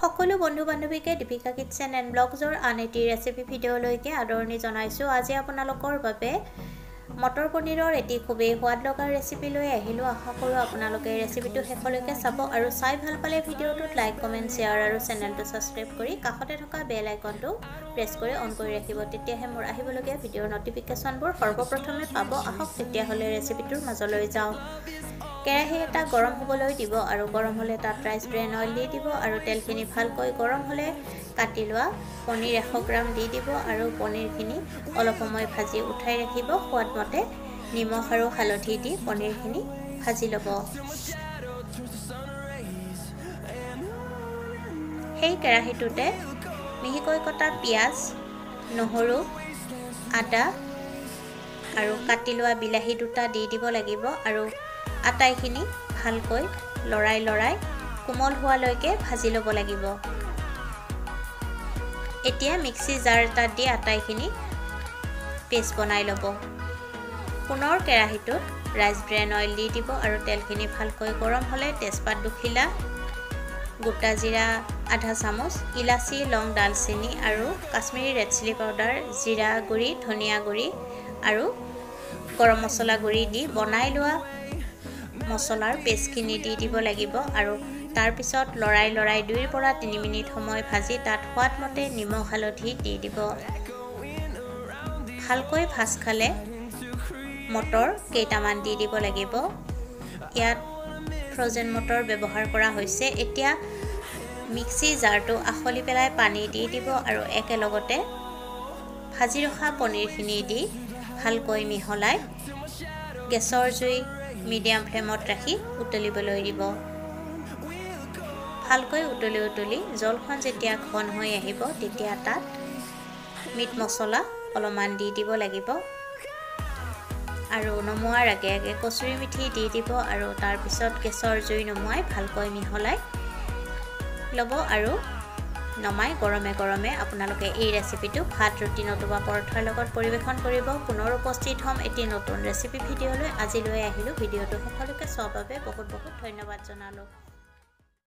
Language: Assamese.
সকলো বন্ধু বান্ধৱীকে দীপিকা কিটচেন এণ্ড ব্লগজৰ আন এটি ৰেচিপি ভিডিঅ'লৈকে আদৰণি জনাইছোঁ আজি আপোনালোকৰ বাবে মটৰ পনীৰৰ এটি খুবেই সোৱাদ লগা ৰেচিপি লৈ আহিলোঁ আশা কৰোঁ আপোনালোকে ৰেচিপিটো শেষলৈকে চাব আৰু চাই ভাল পালে ভিডিঅ'টোত লাইক কমেণ্ট শ্বেয়াৰ আৰু চেনেলটো ছাবস্ক্ৰাইব কৰি কাষতে থকা বেল আইকনটো প্ৰেছ কৰি অন কৰি ৰাখিব তেতিয়াহে মোৰ আহিবলগীয়া ভিডিঅ'ৰ নটিফিকেশ্যনবোৰ সৰ্বপ্ৰথমে পাব আহক তেতিয়াহ'লে ৰেচিপিটোৰ মাজলৈ যাওঁ কেৰাহী এটা গৰম হ'বলৈ দিব আৰু গৰম হ'লে তাত ৰাইচ ব্ৰেন অইল দি দিব আৰু তেলখিনি ভালকৈ গৰম হ'লে কাটি লোৱা পনীৰ এশ গ্ৰাম দি দিব আৰু পনীৰখিনি অলপ সময় ভাজি উঠাই ৰাখিব সোৱাদমতে নিমখ আৰু হালধি দি পনীৰখিনি ভাজি ল'ব সেই কেৰাহীটোতে মিহিকৈ কটা পিঁয়াজ নহৰু আদা আৰু কাটি লোৱা বিলাহী দুটা দি দিব লাগিব আৰু আটাইখিনি ভালকৈ লৰাই লৰাই কোমল হোৱালৈকে ভাজি ল'ব লাগিব এতিয়া মিক্সি জাৰ এটাত দি আটাইখিনি পেষ্ট বনাই ল'ব পুনৰ কেৰাহীটোত ৰাইচ ব্ৰেন অইল দি দিব আৰু তেলখিনি ভালকৈ গৰম হ'লে তেজপাত দুখিলা গোটা জিৰা আধা চামুচ ইলাচি লং ডালচেনি আৰু কাশ্মীৰী ৰেড চিলি পাউডাৰ জিৰা গুড়ি ধনিয়া গুড়ি আৰু গৰম মছলা গুড়ি দি বনাই লোৱা মছলাৰ পেষ্টখিনি দি দিব লাগিব আৰু তাৰপিছত লৰাই লৰাই দুইৰ পৰা তিনি মিনিট সময় ভাজি তাত সোৱাদমতে নিমখ হালধি দি দিব ভালকৈ ভাজ খালে মটৰ কেইটামান দি দিব লাগিব ইয়াত ফ্ৰ'জেন মটৰ ব্যৱহাৰ কৰা হৈছে এতিয়া মিক্সি জাৰটো আখলি পেলাই পানী দি দিব আৰু একেলগতে ভাজি ৰখা পনীৰখিনি দি ভালকৈ মিহলাই গেছৰ জুই মিডিয়াম ফ্লেমত ৰাখি উতলিবলৈ দিব ভালকৈ উতলি উতলি জলখন যেতিয়া ঘন হৈ আহিব তেতিয়া তাত মিট মছলা অলপমান দি দিব লাগিব আৰু নমোৱাৰ আগে আগে কচুৰি মিঠি দি দিব আৰু তাৰপিছত গেছৰ জুই নমুৱাই ভালকৈ মিহলাই ল'ব আৰু নমাই গৰমে গৰমে আপোনালোকে এই ৰেচিপিটো ভাত ৰুটি নতুবা পৰঠাৰ লগত পৰিৱেশন কৰিব পুনৰ উপস্থিত হ'ম এটি নতুন ৰেচিপি ভিডিঅ'লৈ আজিলৈ আহিলোঁ ভিডিঅ'টো সকলোকে চোৱাৰ বাবে বহুত বহুত ধন্যবাদ জনালোঁ